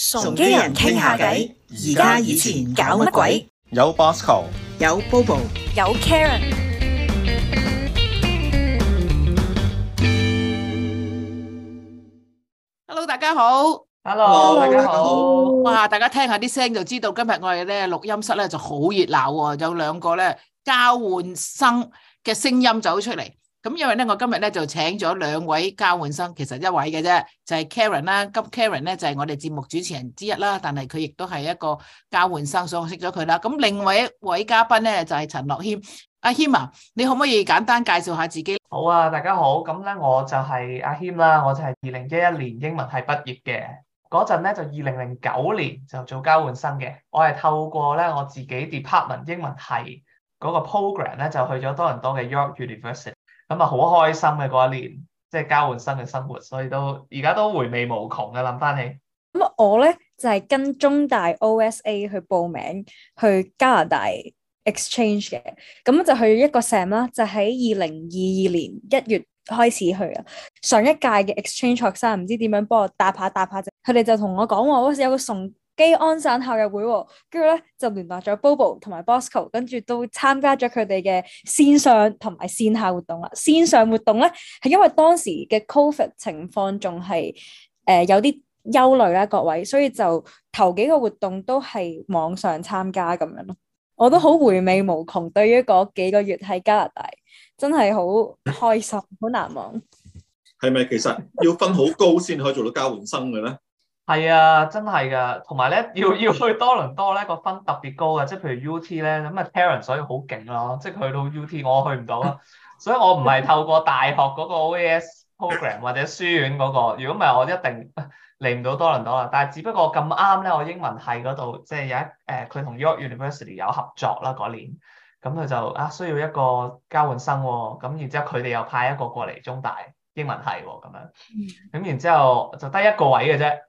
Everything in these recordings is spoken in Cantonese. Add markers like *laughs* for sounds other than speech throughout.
崇基人傾下偈。而家以前搞乜鬼？有 Bosco，有 Bobo，有 Karen。Hello，大家好。Hello，Hello 大家好。哇，大家聽下啲聲就知道，今日我哋咧錄音室咧就好熱鬧喎。有兩個咧交換生嘅聲音走出嚟。咁因為咧，我今日咧就請咗兩位交換生，其實一位嘅啫，就係 Karen 啦。咁 Karen 咧就係我哋節目主持人之一啦，但係佢亦都係一個交換生，所以我識咗佢啦。咁另外一位嘉賓咧就係陳樂謙阿謙啊，你可唔可以簡單介紹下自己？好啊，大家好。咁咧我就係阿謙啦，我就係二零一一年英文係畢業嘅嗰陣咧，就二零零九年就做交換生嘅。我係透過咧我自己 department 英文係嗰個 program 咧就去咗多倫多嘅 York University。咁啊，好開心嘅嗰一年，即係交換新嘅生活，所以都而家都回味無窮嘅，諗翻起。咁我咧就係、是、跟中大 OSA 去報名去加拿大 exchange 嘅，咁就去一個 sem 啦，就喺二零二二年一月開始去啊。上一屆嘅 exchange 學生唔知點樣幫我搭下搭下，就佢哋就同我講話，嗰時有個送基安省校友會，跟住咧就聯絡咗 Bobo 同埋 Bosco，跟住都參加咗佢哋嘅線上同埋線下活動啦。線上活動咧係因為當時嘅 Covid 情況仲係誒有啲憂慮啦，各位，所以就頭幾個活動都係網上參加咁樣咯。我都好回味無窮，對於嗰幾個月喺加拿大真係好開心，好 *laughs* 難忘。係咪其實要分好高先可以做到交換生嘅咧？係啊，真係㗎，同埋咧要要去多倫多咧個分特別高嘅，即係譬如 U T 咧咁啊 Karen 所以好勁咯，即係去到 U T，我去唔到啊，所以我唔係透過大學嗰個 V S program 或者書院嗰、那個，如果唔係我一定嚟唔到多倫多啦。但係只不過咁啱咧，我英文系嗰度即係有一誒，佢、呃、同 York University 有合作啦嗰年，咁佢就啊需要一個交換生喎、哦，咁然之後佢哋又派一個過嚟中大英文系喎、哦，咁樣，咁然之後就得一個位嘅啫。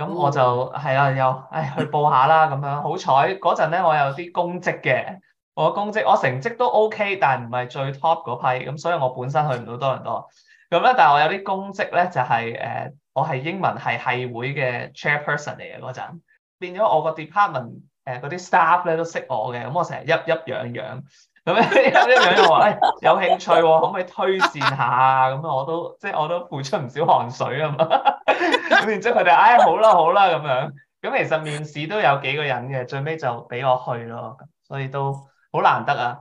咁我就係啦，又、哎、誒去報下啦，咁樣好彩嗰陣咧，我有啲公職嘅，我公職我成績都 OK，但係唔係最 top 嗰批，咁所以我本身去唔到多倫多，咁咧，但係我有啲公職咧，就係、是、誒、呃、我係英文係系，系會嘅 chairperson 嚟嘅嗰陣，變咗我個 department 誒嗰啲 staff 咧都識我嘅，咁我成日一一癢癢。咁樣咁樣又話誒、哎、有興趣喎、哦，可唔可以推薦下啊？咁啊我都即係我都付出唔少汗水啊嘛。咁 *laughs* 然之後佢哋誒好啦好啦咁樣。咁其實面試都有幾個人嘅，最尾就俾我去咯。所以都好難得啊。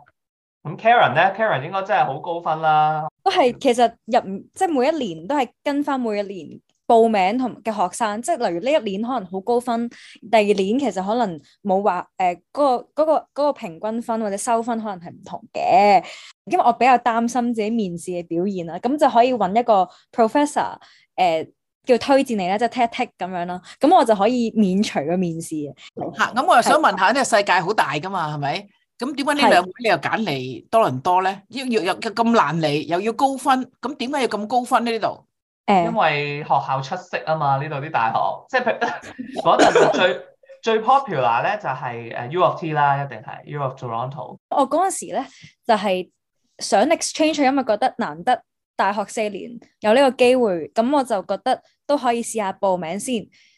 咁 Karen 咧，Karen 應該真係好高分啦。都係其實入即係每一年都係跟翻每一年，報名同嘅學生，即係例如呢一年可能好高分，第二年其實可能冇話誒嗰個嗰、嗰個嗰個、平均分或者收分可能係唔同嘅，因為我比較擔心自己面試嘅表現啦，咁就可以揾一個 professor 誒、呃、叫推薦你咧，即係 tactic 咁樣咯，咁我就可以免除個面試。嚇、啊！咁我又想問下，呢個世界好大噶嘛，係咪？咁點解呢兩位你又揀嚟多倫多咧？要要又咁難嚟，又要高分，咁點解要咁高分呢？呢度？因為學校出色啊嘛，呢度啲大學，即係譬如嗰、那個、最 *laughs* 最 popular 咧就係誒 U of T 啦，一定係 U of Toronto。我嗰陣時咧就係、是、想 exchange，因為覺得難得大學四年有呢個機會，咁我就覺得都可以試下報名先。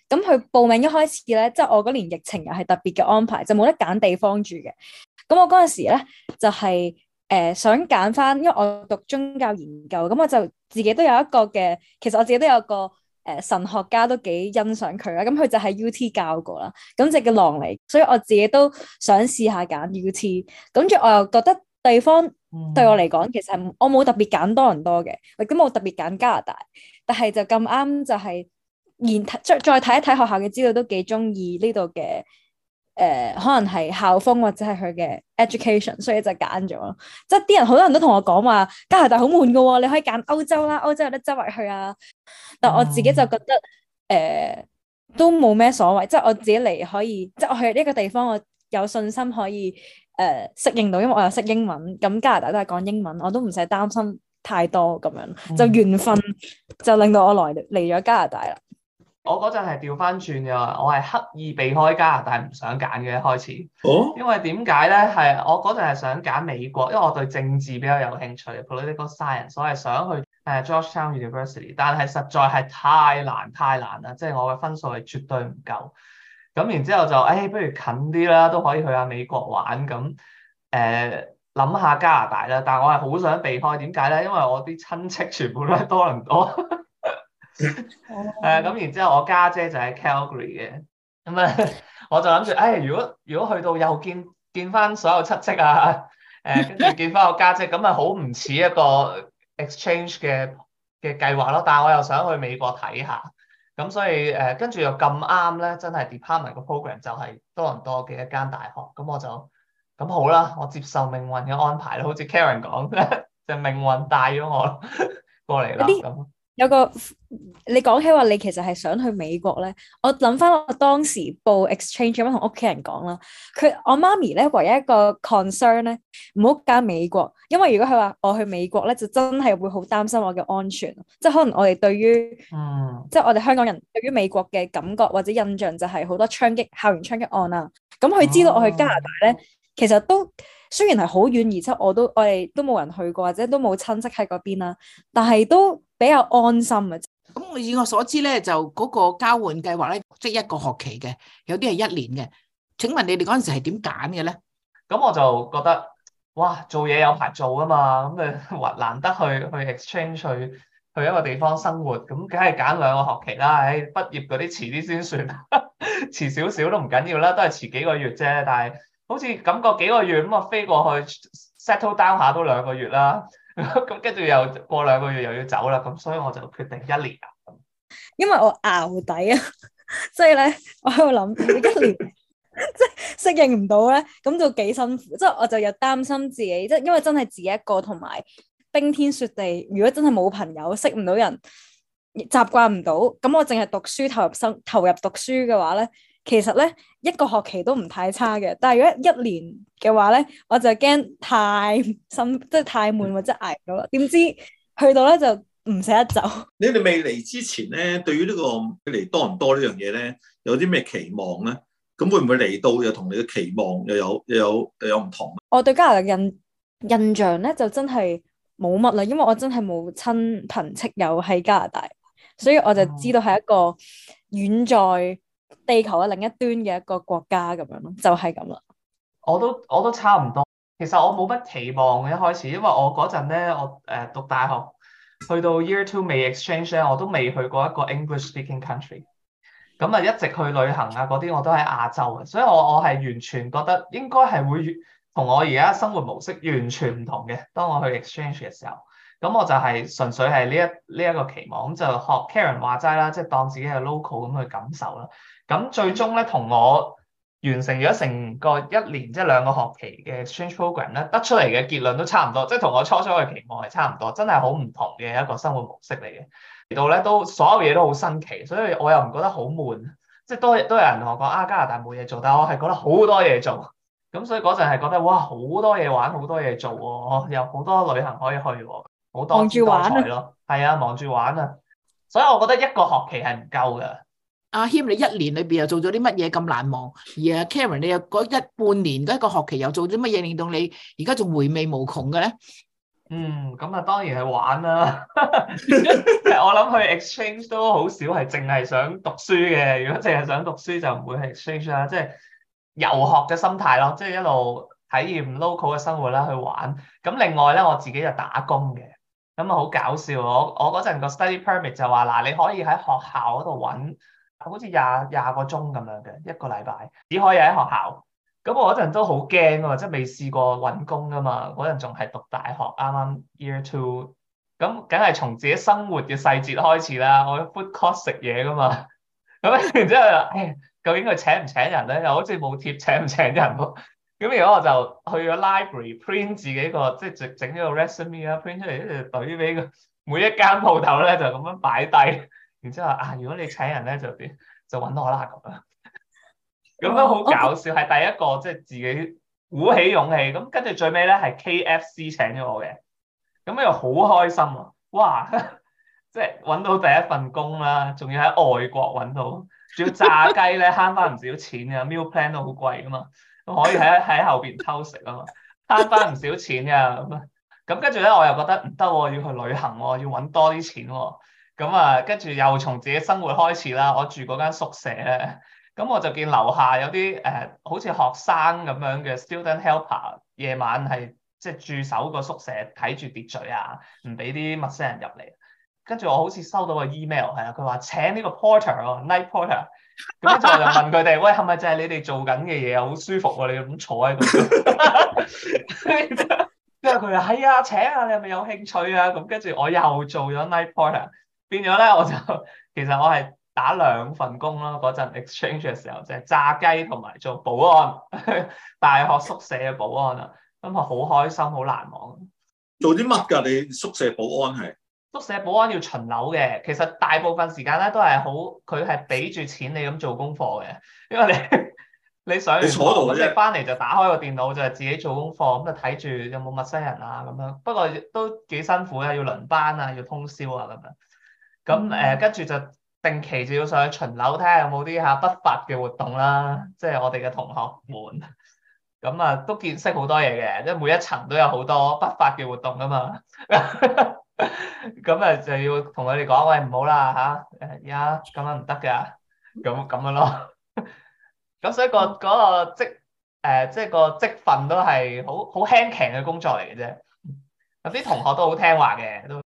咁佢報名一開始咧，即、就、係、是、我嗰年疫情又係特別嘅安排，就冇得揀地方住嘅。咁我嗰陣時咧就係、是。誒、呃、想揀返，因為我讀宗教研究，咁我就自己都有一個嘅，其實我自己都有個誒、呃、神學家都幾欣賞佢啦，咁佢就喺 UT 教過啦，咁就嘅狼嚟，所以我自己都想試下揀 UT，跟住我又覺得地方對我嚟講，其實我冇特別揀多人多嘅，亦都冇特別揀加拿大，但係就咁啱就係、是，然再再睇一睇學校嘅資料都幾中意呢度嘅。誒、呃，可能係校風或者係佢嘅 education，所以就揀咗咯。即係啲人好多人都同我講話加拿大好悶噶，你可以揀歐洲啦，歐洲有得周圍去啊。但我自己就覺得誒都冇咩所謂。即係我自己嚟可以，即係我去呢個地方，我有信心可以誒適應到，因為我又識英文，咁加拿大都係講英文，我都唔使擔心太多咁樣。就緣分就令到我來嚟咗加拿大啦。我嗰陣係調翻轉嘅，我係刻意避開加拿大，唔想揀嘅開始。哦、因為點解咧？係我嗰陣係想揀美國，因為我對政治比較有興趣，political science，我係想去誒 e Georgetown University，但係實在係太難，太難啦，即、就、係、是、我嘅分數係絕對唔夠。咁然之後就誒、哎，不如近啲啦，都可以去下美國玩。咁誒，諗、呃、下加拿大啦，但我係好想避開。點解咧？因為我啲親戚全部都係多倫多。 *laughs* 誒，咁、 *laughs* 嗯、然之後我家姐，姐就喺 Calgary 嘅，咁、嗯、啊，我就諗住，誒、哎，如果如果去到又見見翻所有親戚啊，誒、嗯，跟住見翻我家姐，姐，咁啊，好唔似一個 exchange 嘅嘅計劃咯。但係我又想去美國睇下，咁、嗯、所以誒，跟、嗯、住又咁啱咧，真係 department 個 program 就係多倫多嘅一間大學，咁、嗯、我就咁、嗯、好啦，我接受命運嘅安排啦，好似 Karen 講，就、嗯、命運帶咗我過嚟啦，咁、嗯。有個你講起話，你其實係想去美國咧。我諗翻我當時報 exchange，咁同屋企人講啦。佢我媽咪咧，唯一一個 concern 咧，唔好揀美國，因為如果佢話我去美國咧，就真係會好擔心我嘅安全。即係可能我哋對於，嗯、即係我哋香港人對於美國嘅感覺或者印象就係好多槍擊、校園槍擊案啦。咁佢知道我去加拿大咧，其實都雖然係好遠，而且我都我哋都冇人去過，或者都冇親戚喺嗰邊啦，但係都比較安心啊！咁、嗯、以我所知咧，就嗰個交換計劃咧，即一個學期嘅，有啲係一年嘅。請問你哋嗰陣時係點揀嘅咧？咁我就覺得，哇！做嘢有排做啊嘛，咁、嗯、誒難得去去 exchange 去去一個地方生活，咁梗係揀兩個學期啦。喺、哎、畢業嗰啲遲啲先算， *laughs* 遲少少都唔緊要啦，都係遲幾個月啫。但係好似感覺幾個月咁啊，我飛過去 settle down 下都兩個月啦。咁跟住又過兩個月又要走啦，咁所以我就決定一年啊，因為我熬底啊， *laughs* 所以咧我喺度諗一年 *laughs* 即係適應唔到咧，咁就幾辛苦，即係我就又擔心自己，即係因為真係自己一個同埋冰天雪地，如果真係冇朋友，識唔到人，習慣唔到，咁我淨係讀書投入生投入讀書嘅話咧。其實咧一個學期都唔太差嘅，但係如果一年嘅話咧，我就驚太心，太悶即係太悶或者挨唔到啦。點知去到咧就唔捨得走。你哋未嚟之前咧，對於、這個、呢個嚟多唔多呢樣嘢咧，有啲咩期望咧？咁會唔會嚟到又同你嘅期望又有又有又有唔同？我對加拿大嘅印印象咧就真係冇乜啦，因為我真係冇親朋戚友喺加拿大，所以我就知道係一個遠在。地球嘅另一端嘅一個國家咁樣咯，就係咁啦。我都我都差唔多，其實我冇乜期望嘅，一開始，因為我嗰陣咧，我誒、呃、讀大學去到 year two 未 exchange 咧，我都未去過一個 English speaking country。咁啊，一直去旅行啊嗰啲，我都喺亞洲嘅。所以我我係完全覺得應該係會同我而家生活模式完全唔同嘅。當我去 exchange 嘅時候，咁我就係純粹係呢一呢一、呢個期望，咁就學 Karen 話齋啦，即係當自己係 local 咁去感受啦。咁最終咧，同我完成咗成個一年即係兩個學期嘅 exchange program 咧，得出嚟嘅結論都差唔多，即係同我初初嘅期望係差唔多。真係好唔同嘅一個生活模式嚟嘅，到咧都所有嘢都好新奇，所以我又唔覺得好悶。即係都都有人同我講啊，加拿大冇嘢做，但係我係覺得好多嘢做。咁所以嗰陣係覺得哇，好多嘢玩，好多嘢做喎，有好多旅行可以去喎，好多玩咯，係啊，忙住玩啊。所以我覺得一個學期係唔夠㗎。阿謙，你一年裏邊又做咗啲乜嘢咁難忘？而阿 Karen，你又嗰一半年嗰一個學期又做啲乜嘢令到你而家仲回味無窮嘅咧？嗯，咁啊，當然係玩啦。我諗去 exchange 都好少係淨係想讀書嘅。如果淨係想讀書就唔會係 exchange 啦，即係遊學嘅心態咯，即係一路體驗 local 嘅生活啦，去玩。咁另外咧，我自己就打工嘅，咁啊好搞笑。我我嗰陣個 study permit 就話嗱，你可以喺學校嗰度揾。好似廿廿個鐘咁樣嘅，一個禮拜只可以喺學校。咁我嗰陣都好驚啊，即係未試過搵工噶嘛。嗰陣仲係讀大學，啱啱 year two。咁梗係從自己生活嘅細節開始啦。我 food court 食嘢噶嘛。咁 *laughs* 然之後，哎，究竟佢請唔請人咧？又好似冇貼請唔請人。咁如果我就去咗 library print 自己個，即係整整咗個 resume 啊，print 出嚟，就懟俾每一間鋪頭咧，就咁樣擺低。然之後啊，如果你請人咧，就點就揾我啦咁樣，咁樣好搞笑。係第一個即係、就是、自己鼓起勇氣，咁跟住最尾咧係 KFC 請咗我嘅，咁又好開心啊！哇， *laughs* 即係揾到第一份工啦，仲要喺外國揾到，仲要炸雞咧慳翻唔少錢嘅。Meal plan 都好貴噶嘛，可以喺喺後邊偷食啊嘛，慳翻唔少錢啊咁啊！咁跟住咧我又覺得唔得、啊，要去旅行喎、啊，要揾多啲錢喎、啊。咁啊，跟住又從自己生活開始啦。我住嗰間宿舍咧，咁我就見樓下有啲誒、呃，好似學生咁樣嘅 student helper，夜晚係即係駐守個宿舍睇住秩序啊，唔俾啲陌生人入嚟。跟住我好似收到個 email，係啊，佢話請呢個 porter 哦，night porter。咁之後我就問佢哋： *laughs* 喂，係咪就係你哋做緊嘅嘢？好舒服喎、啊，你咁坐喺度。跟住佢話：係、哎、啊，請啊，你係咪有興趣啊？咁跟住我又做咗 night porter。變咗咧，我就其實我係打兩份工咯。嗰陣 exchange 嘅時候，就係炸雞同埋做保安， *laughs* 大學宿舍嘅保安啊，咁係好開心，好難忘。做啲乜噶？你宿舍保安係宿舍保安要巡樓嘅。其實大部分時間咧都係好，佢係俾住錢你咁做功課嘅，因為你你上你坐度，即係翻嚟就打開個電腦就自己做功課，咁就睇住有冇陌生人啊咁樣。不過都幾辛苦啊，要輪班啊，要通宵啊咁樣。咁誒，跟住、嗯、就定期就要上去巡樓，睇下有冇啲嚇不法嘅活動啦。即係我哋嘅同學們，咁啊都見識好多嘢嘅，即係每一層都有好多不法嘅活動㗎嘛。咁 *laughs* 啊就要同佢哋講：喂，唔好啦吓，而家咁樣唔得㗎，咁咁樣咯、啊。咁 *laughs* 所以、嗰個嗰、嗰個職、呃、即係個職份都係好好輕鬆嘅工作嚟嘅啫。有啲同學都好聽話嘅，都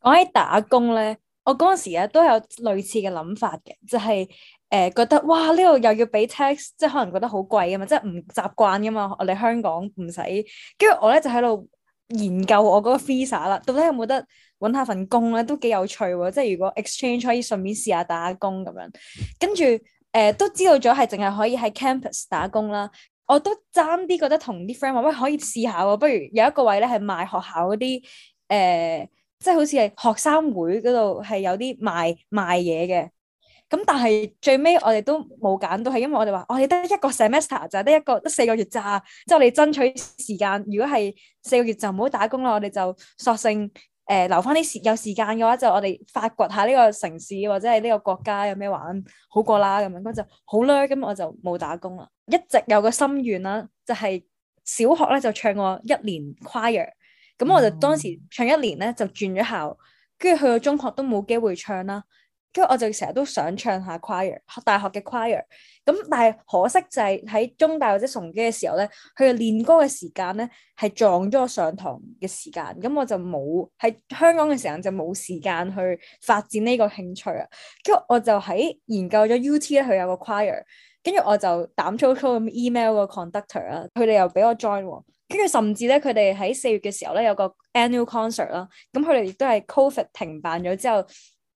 講起打工咧。我嗰陣時、啊、都有類似嘅諗法嘅，就係、是、誒、呃、覺得哇呢度又要俾 tax，即係可能覺得好貴啊嘛，即係唔習慣啊嘛，我哋香港唔使。跟住我咧就喺度研究我嗰個 visa 啦，到底有冇得揾下份工咧？都幾有趣喎！即係如果 exchange 可以順便試下打下工咁樣，跟住誒都知道咗係淨係可以喺 campus 打工啦。我都爭啲覺得同啲 friend 話喂可以試下喎、哦，不如有一個位咧係賣學校嗰啲誒。呃即係好似係學生會嗰度係有啲賣賣嘢嘅，咁但係最尾我哋都冇揀到，係因為我哋話我哋得一個 semester 就得、是、一個得四個月咋，即係我哋爭取時間。如果係四個月就唔好打工啦，我哋就索性誒、呃、留翻啲時有時間嘅話，就我哋發掘下呢個城市或者係呢個國家有咩玩好過啦咁樣。咁就好啦，咁我就冇打工啦。一直有一個心願啦，就係、是、小學咧就唱過一年 choir。咁我就當時唱一年咧，就轉咗校，跟住去到中學都冇機會唱啦。跟住我就成日都想唱下 choir，大學嘅 choir。咁但係可惜就係喺中大或者崇基嘅時候咧，佢嘅練歌嘅時間咧係撞咗我上堂嘅時間，咁我就冇喺香港嘅時候就冇時間去發展呢個興趣啊。跟住我就喺研究咗 UT 咧，佢有個 choir。跟住我就膽粗粗咁 email 個 conductor 啦，佢哋又俾我 join 喎。跟住甚至咧，佢哋喺四月嘅時候咧有個 annual concert 啦、啊。咁佢哋亦都係 COVID 停辦咗之後，誒、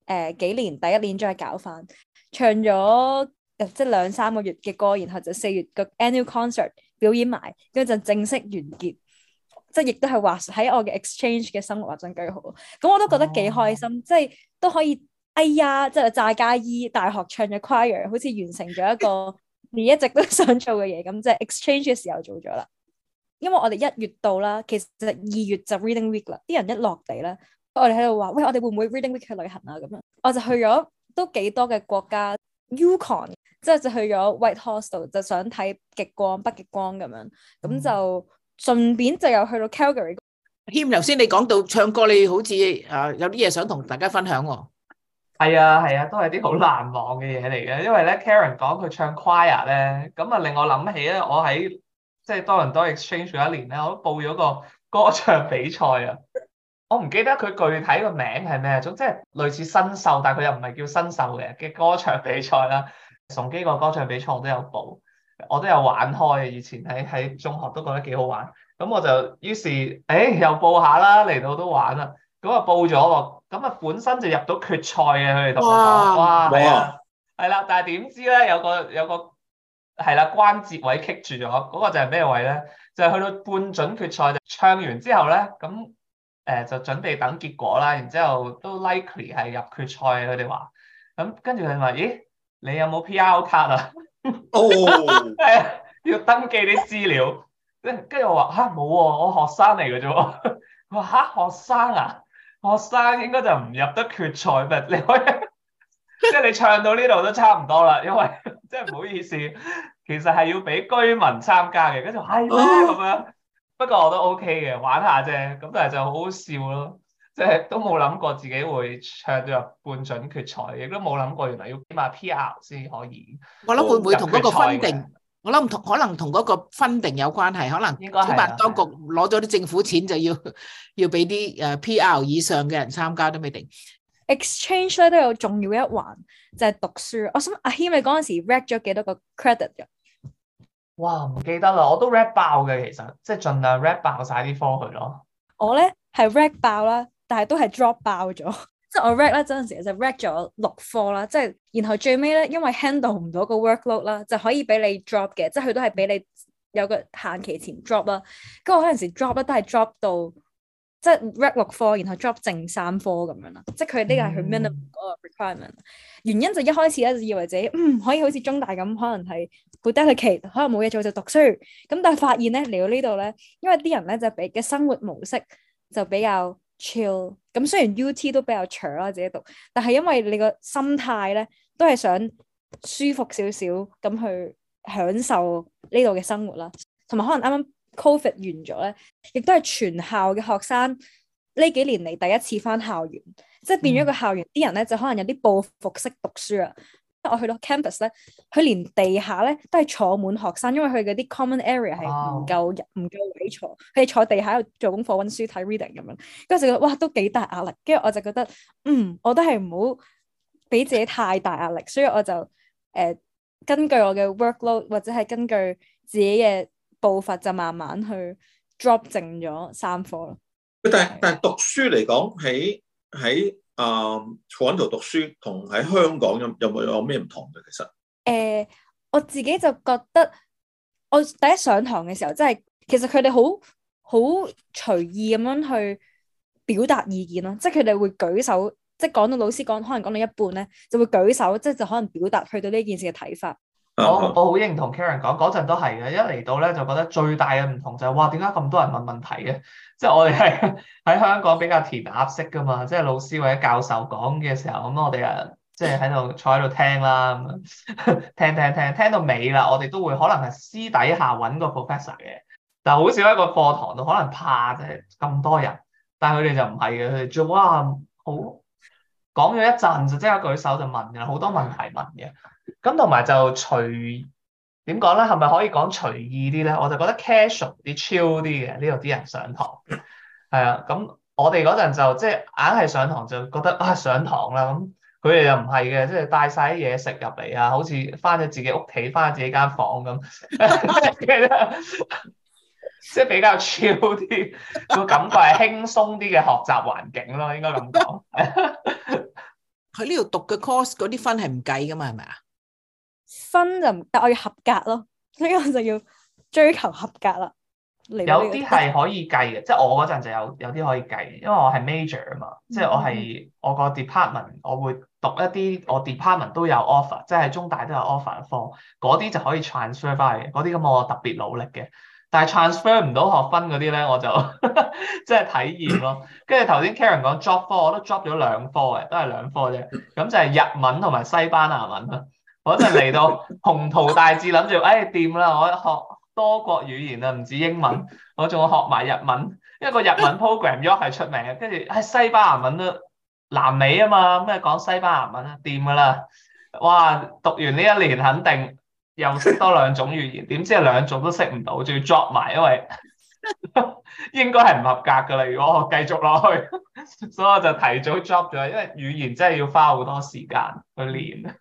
呃、幾年第一年再搞翻，唱咗、呃、即兩三個月嘅歌，然後就四月個 annual concert 表演埋，跟住就正式完結。即係亦都係話喺我嘅 exchange 嘅生活話真幾好，咁、嗯、我都覺得幾開心，即係都可以哎呀，即係乍家衣大學唱咗 choir 好似完成咗一個 *laughs* 你一直都想做嘅嘢，咁即係 exchange 嘅時候做咗啦。因為我哋一月到啦，其實二月就 reading week 啦。啲人一落地咧，我哋喺度話：喂，我哋會唔會 reading week 去旅行啊？咁樣，我就去咗都幾多嘅國家 Yukon 即係就去咗 Whitehorse 就想睇極光、北極光咁樣。咁就順便就又去到 Calgary。謙、嗯，頭先 *noise* 你講到唱歌，你好似啊有啲嘢想同大家分享喎、哦。係 *noise* 啊，係啊，都係啲好難忘嘅嘢嚟嘅。因為咧，Karen 講佢唱 choir 咧，咁啊令我諗起咧，我喺。即係多倫多 exchange 嗰一年咧，我都報咗個歌唱比賽啊！我唔記得佢具體個名係咩，總之係類似新秀，但係佢又唔係叫新秀嘅嘅歌唱比賽啦。崇基個歌唱比賽我都有報，我都有玩開。以前喺喺中學都覺得幾好玩，咁我就於是誒、哎、又報下啦，嚟到都玩啦，咁啊報咗喎，咁啊本身就入到決賽嘅，佢哋同我講，哇，係啦，但係點知咧，有個有個。有個有個係啦，關節位棘住咗，嗰、那個就係咩位咧？就係、是、去到半準決賽就唱完之後咧，咁誒、呃、就準備等結果啦。然之後都 likely 係入決賽，佢哋話。咁跟住佢哋話：咦，你有冇 PR 卡啊？哦 *laughs* ，oh. *laughs* 要登記啲資料。跟 *laughs* 住我話嚇冇喎，我學生嚟嘅啫。話 *laughs* 嚇學生啊，學生應該就唔入得決賽咩？你可以即係 *laughs* 你唱到呢度都差唔多啦，因為。即係唔好意思，其實係要俾居民參加嘅，跟住係咩咁樣？不過我都 OK 嘅，玩下啫。咁但係就好好笑咯，即係都冇諗過自己會唱入半準決賽，亦都冇諗過原來要起碼 PR 先可以。我諗會唔會同嗰個分定？我諗同可能同嗰個分定有關係，可能應該起碼當局攞咗啲政府錢就要要俾啲誒 PR 以上嘅人參加都未定。exchange 咧都有重要一環，就係、是、讀書。我想阿謙你嗰陣時 reg 咗幾多個 credit 噶？哇，唔記得啦，我都 reg 爆嘅，其實即係盡量 reg 爆晒啲科去咯。我咧係 reg 爆啦，但係都係 drop 爆咗。即 *laughs* 係我 reg 咧嗰陣時就 reg 咗六科啦，即係然後最尾咧，因為 handle 唔到個 workload 啦，就可以俾你 drop 嘅，即係佢都係俾你有個限期前 drop 啦。跟住我嗰陣時 drop 咧都係 drop 到。即係 read 六科，4，然後 drop 剩三科咁樣啦。即係佢呢個係佢 minimum 嗰個 requirement。原因就一開始咧就以為自己嗯可以好似中大咁，可能係好低嘅期，可能冇嘢做就讀書。咁但係發現咧嚟到呢度咧，因為啲人咧就比嘅生活模式就比較 chill。咁雖然 UT 都比較 chill 啦，自己讀，但係因為你個心態咧都係想舒服少少咁去享受呢度嘅生活啦。同埋可能啱啱。COVID 完咗咧，亦都係全校嘅學生呢幾年嚟第一次返校園，即係變咗個校園啲、嗯、人咧，就可能有啲報復式讀書啦、啊。我去到 campus 咧，佢連地下咧都係坐滿學生，因為佢嗰啲 common area 係唔夠唔夠位坐，佢哋、oh. 坐地下度做功課、溫書睇 reading 咁樣。跟住就覺得哇，都幾大壓力。跟住我就覺得，嗯，我都係唔好俾自己太大壓力。所以我就誒、呃、根據我嘅 workload 或者係根據自己嘅。步伐就慢慢去 drop 淨咗三科咯。但係但係讀書嚟講，喺喺啊，坐喺度、呃、讀書同喺香港有有冇有咩唔同嘅？其實誒、呃，我自己就覺得，我第一上堂嘅時候，即係其實佢哋好好隨意咁樣去表達意見咯。即係佢哋會舉手，即係講到老師講可能講到一半咧，就會舉手，即係就可能表達佢對呢件事嘅睇法。我我好認同 Karen 講嗰陣都係嘅，一嚟到咧就覺得最大嘅唔同就係，哇，點解咁多人問問題嘅？即係我哋係喺香港比較填鴨式噶嘛，即係老師或者教授講嘅時候，咁我哋啊即係喺度坐喺度聽啦，咁樣聽聽聽聽到尾啦，我哋都會可能係私底下揾個 professor 嘅，但係好少喺個課堂度，可能怕即係咁多人，但係佢哋就唔係嘅，佢哋做啊。好講咗一陣就即刻舉手就問嘅，好多問題問嘅。咁同埋就隨點講咧，係咪可以講隨意啲咧？我就覺得 casual 啲、chill 啲嘅呢度啲人上堂，係啊。咁我哋嗰陣就即係硬係上堂，就覺得啊上堂啦。咁佢哋又唔係嘅，即係帶晒啲嘢食入嚟啊，就是、好似翻咗自己屋企，翻咗自己間房咁，即係 *laughs* *laughs* 比較 chill 啲，個感覺係輕鬆啲嘅學習環境咯，應該咁講。佢呢度讀嘅 course 嗰啲分係唔計噶嘛？係咪啊？分就唔得，我要合格咯，所以我就要追求合格啦。有啲係可以計嘅，即係我嗰陣就有有啲可以計，因為我係 major 啊嘛，嗯嗯即係我係我個 department，我會讀一啲我 department 都有 offer，即係中大都有 offer 嘅科，嗰啲就可以 transfer 翻嚟。嗰啲咁我特別努力嘅。但係 transfer 唔到學分嗰啲咧，我就即 *laughs* 係體驗咯。跟住頭先 Karen 講 drop 科， *laughs* 我都 drop 咗兩科嘅，都係兩科啫，咁就係日文同埋西班牙文啦。嗰陣嚟到鴻圖大志，諗住誒掂啦！我學多國語言啊，唔止英文，我仲學埋日文，因為一個日文 program 又係出名嘅。跟住係西班牙文都，南美啊嘛，咩啊講西班牙文啊，掂噶啦！哇，讀完呢一年肯定又識多兩種語言，點知兩種都識唔到，仲要 drop 埋，因為 *laughs* 應該係唔合格噶啦。如果我繼續落去，所以我就提早 drop 咗，因為語言真係要花好多時間去練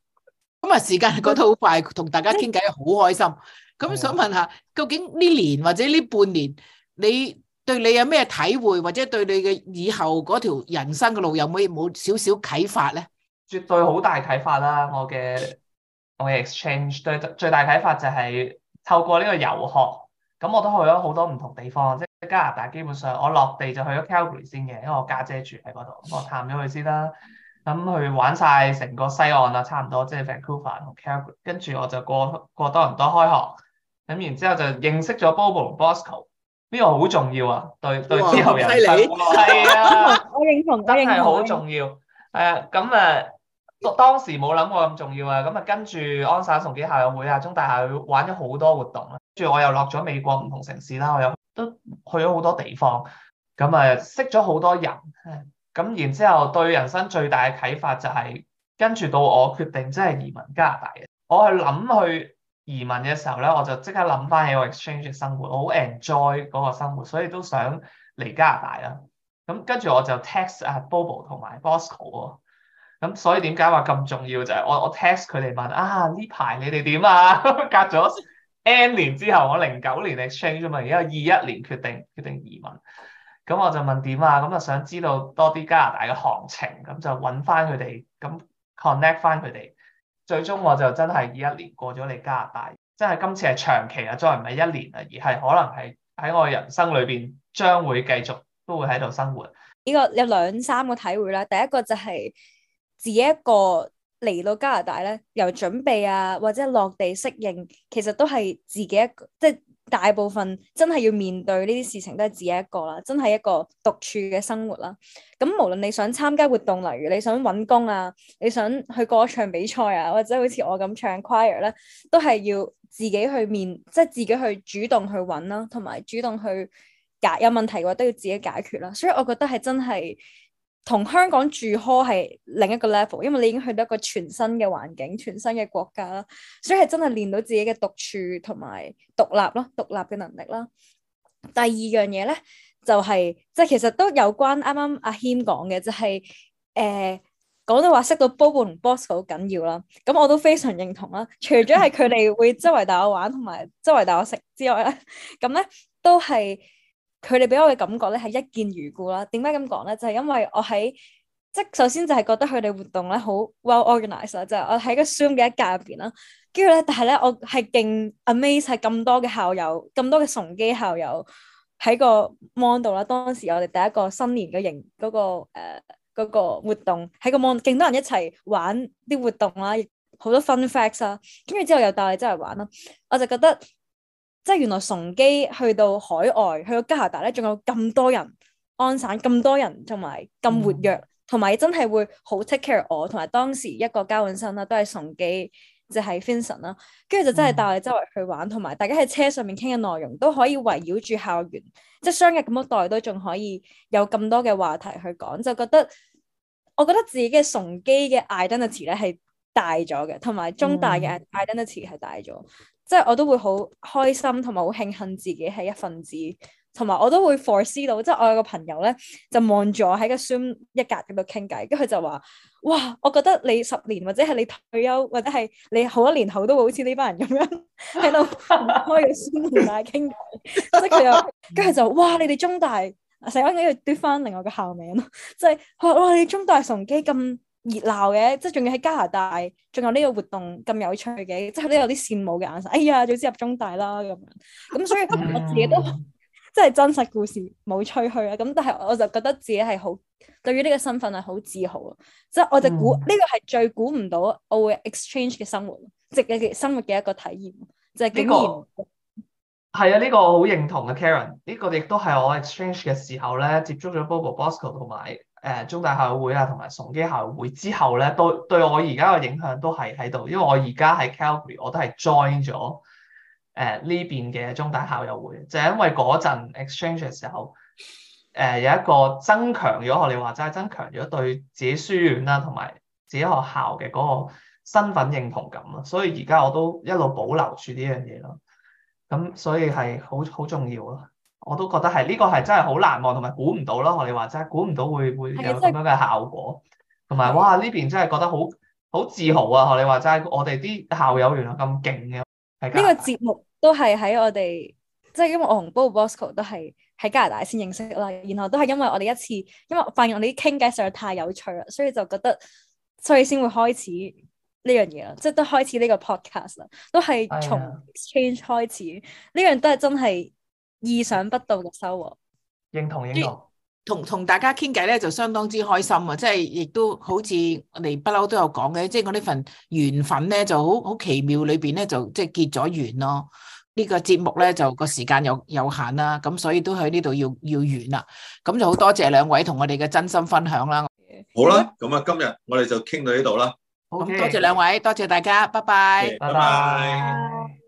咁啊，時間過得好快，同大家傾偈好開心。咁想問下，究竟呢年或者呢半年，你對你有咩體會，或者對你嘅以後嗰條人生嘅路有冇冇少少啟發咧？絕對好大啟發啦！我嘅我嘅 exchange 最最大啟發就係、對、透過呢個遊學。咁我都去咗好多唔同地方，即係加拿大。基本上我落地就去咗 Calgary 先嘅，因為我家姐住喺嗰度，我探咗佢先啦。咁去玩晒成個西岸啊，差唔多即係 Vancouver 同 Calgary，跟住我就過過多倫多開學，咁然之後就認識咗 Bobo 同 Bosco，呢個好重要啊，對對之後人生啊，我認同，我認同，真係好重要。誒，咁誒，當時冇諗過咁重要啊。咁啊，跟住安省同啲校友會啊、中大校友玩咗好多活動啦。跟住我又落咗美國唔同城市啦，我又都去咗好多地方，咁啊，識咗好多人。咁然之後對人生最大嘅啟發就係跟住到我決定真係移民加拿大嘅。我去諗去移民嘅時候咧，我就即刻諗翻起我 exchange 嘅生活，我好 enjoy 嗰個生活，所以都想嚟加拿大啦。咁跟住我就 text 啊 Bobo 同埋 Bosco 喎。咁所以點解話咁重要，就係我我 text 佢哋問啊，呢排你哋點啊？啊 *laughs* 隔咗 N 年之後，我零九年 exchange 嘛，而家二一年決定決定移民。咁我就問點啊？咁就想知道多啲加拿大嘅行情，咁就揾翻佢哋，咁 connect 翻佢哋。最終我就真係以一年過咗嚟加拿大，真係今次係長期啊，再唔係一年啊，而係可能係喺我人生裏邊將會繼續都會喺度生活。呢個有兩三個體會啦。第一個就係自己一個嚟到加拿大咧，由準備啊或者落地適應，其實都係自己一個即係。大部分真係要面對呢啲事情都係自己一個啦，真係一個獨處嘅生活啦。咁無論你想參加活動，例如你想揾工啊，你想去歌唱比賽啊，或者好似我咁唱 choir 咧，都係要自己去面，即係自己去主動去揾啦，同埋主動去解有問題嘅話都要自己解決啦。所以我覺得係真係。同香港住 hall 係另一個 level，因為你已經去到一個全新嘅環境、全新嘅國家啦，所以係真係練到自己嘅獨處同埋獨立咯，獨立嘅能力啦。第二樣嘢咧，就係即係其實都有關啱啱阿謙講嘅，就係誒講到話識到 Bobo 同 Bosco 好緊要啦。咁我都非常認同啦。除咗係佢哋會周圍帶我玩同埋周圍帶我食之外，咁咧都係。佢哋俾我嘅感覺咧係一見如故啦。點解咁講咧？就係、係、因為我喺即係首先就係覺得佢哋活動咧好 well organized, organized 啦。就係我喺個 Zoom 嘅一格入邊啦，跟住咧，但係咧我係勁 amaze 係咁多嘅校友，咁多嘅崇基校友喺個 mon 度啦。當時我哋第一個新年嘅營嗰、嗰個誒嗰、呃嗰個活動喺個 mon 勁多人一齊玩啲活動啦，好多 fun facts 啦。跟住之後又帶你周圍玩啦。我就覺得。即係原來崇基去到海外，去到加拿大咧，仲有咁多人，安省咁多人，同埋咁活躍，同埋真係會好 take care 我。同埋當時一個交換生啦，都係崇基就係 Vincent 啦，跟住就真係帶我哋周圍去玩，同埋大家喺車上面傾嘅內容都可以圍繞住校園，即係相隔咁多代都仲可以有咁多嘅話題去講，就覺得我覺得自己嘅崇基嘅 identity 咧係大咗嘅，同埋中大嘅 identity 係大咗。嗯即係我都會好開心，同埋好慶幸自己係一份子，同埋我都會 foresee 到，即係我有個朋友咧就望住我喺個 Zoom 一格嗰度傾偈，跟佢就話：哇！我覺得你十年或者係你退休，或者係你好多年後都會好似呢班人咁樣喺度開個 Zoom 同大家傾偈。即係佢又跟佢就，就：哇！你哋中大成日喺度奪翻另外個校名咯，即係哇！你中大崇基咁。熱鬧嘅，即係仲要喺加拿大，仲有呢個活動咁有趣嘅，即係都有啲羨慕嘅眼神。哎呀，早知入中大啦咁樣。咁所以、嗯、我自己都即係真實故事，冇吹噓啊。咁但係我就覺得自己係好對於呢個身份係好自豪。即係我就估呢、嗯、個係最估唔到我會 exchange 嘅生活，即係嘅生活嘅一個體驗。就係竟然係、這個、啊！呢、這個我好認同嘅、啊、Karen 呢個亦都係我 exchange 嘅時候咧，接觸咗 Bobo Bosco 同埋。誒中大校友會啊，同埋崇基校友會之後咧，都對我而家嘅影響都係喺度，因為我而家喺 Calgary，我都係 join 咗誒呢邊嘅中大校友會，就係、是、因為嗰陣 exchange 嘅時候，誒、呃、有一個增強，咗，如果我哋話齋，增強咗對自己書院啦，同埋自己學校嘅嗰個身份認同感咯，所以而家我都一路保留住呢樣嘢咯，咁所以係好好重要咯。我都覺得係，呢個係真係好難忘，同埋估唔到咯，學你話齋估唔到會會有咁樣嘅效果，同埋，哇，呢邊真係覺得好好自豪啊！學你話齋，我哋啲校友原來咁勁嘅。呢個節目都係喺我哋，即係因為我同 Bobo 同 Bosco 都係喺加拿大先認識啦，然後都係因為我哋一次，因為發現我哋啲傾偈實在太有趣啦，所以就覺得，所以先會開始呢樣嘢啦，即係都開始呢個 podcast 啦，都係從 exchange 開始，呢樣都係真係。意想不到嘅收穫，認同認同。同同大家傾偈咧，就相當之開心啊！即係亦都好似我哋不嬲都有講嘅，即係我呢份緣分咧，就好好奇妙，裏邊咧就即係結咗緣咯。呢個節目咧，就個時間又有限啦，咁所以都喺呢度要要完啦。咁就好多謝兩位同我哋嘅真心分享啦。好啦，咁啊，今日我哋就傾到呢度啦。好多謝兩位，多謝大家，拜拜，拜拜。